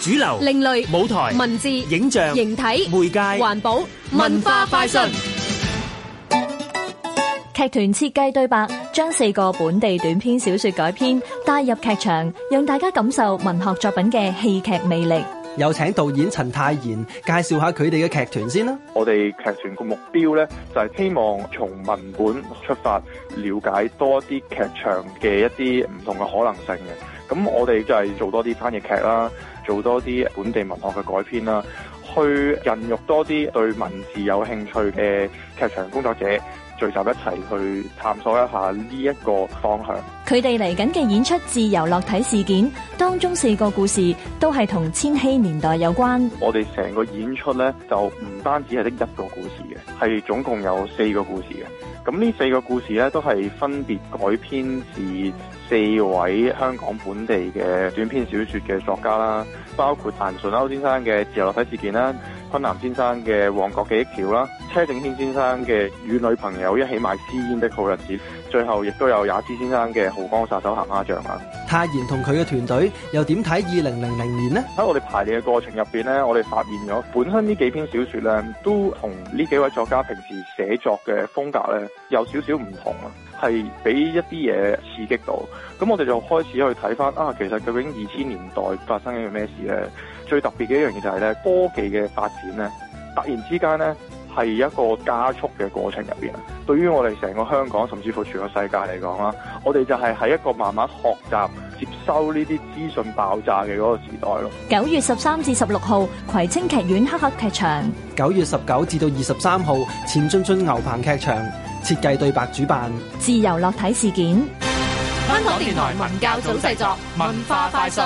主流、另類、舞台、文字、影像、形體、媒介、環保、文化快訊。劇團設計對白，將四個本地短篇小說改編帶入劇場,讓大家感受文學作品嘅戲劇魅力。有請導演陳泰賢介紹下佢哋嘅劇團先啦。我哋劇團個目標咧就係、是、希望從文本出發，了解多啲劇場嘅一啲唔同嘅可能性嘅。咁我哋就係做多啲翻譯劇啦，做多啲本地文學嘅改編啦，去孕育多啲對文字有興趣嘅劇場工作者。聚集一齊去探索一下呢一個方向。佢哋嚟緊嘅演出《自由落體事件》當中四個故事都係同千禧年代有關，我哋成個演出咧就唔單止係得一個故事嘅，係總共有四個故事嘅。咁呢四個故事咧都係分別改編自四位香港本地嘅短篇小說嘅作家啦，包括譚順歐先生嘅《自由落體事件》啦。昆南先生嘅《旺角記憶橋》啦，車正軒先生嘅《與女朋友一起買私煙的好日子》，最後亦都有雅芝先生嘅《豪江殺手行壓像》啦。泰然同佢嘅團隊又點睇二零零零年呢？喺我哋排列嘅過程入邊呢，我哋發現咗本身呢幾篇小說呢，都同呢幾位作家平時寫作嘅風格呢有少少唔同啊。係俾一啲嘢刺激到，咁我哋就開始去睇翻啊，其實究竟二千年代發生緊咩事咧？最特別嘅一樣嘢就係、是、咧，科技嘅發展咧，突然之間咧係一個加速嘅過程入面。對於我哋成個香港，甚至乎全個世界嚟講啦，我哋就係喺一個慢慢學習接收呢啲資訊爆炸嘅嗰個時代咯。九月十三至十六號，葵青劇院黑客劇場；九月十九至到二十三號，錢津津牛棚劇場設計對白主辦。自由落體事件。香港電台文教組製作文化快訊。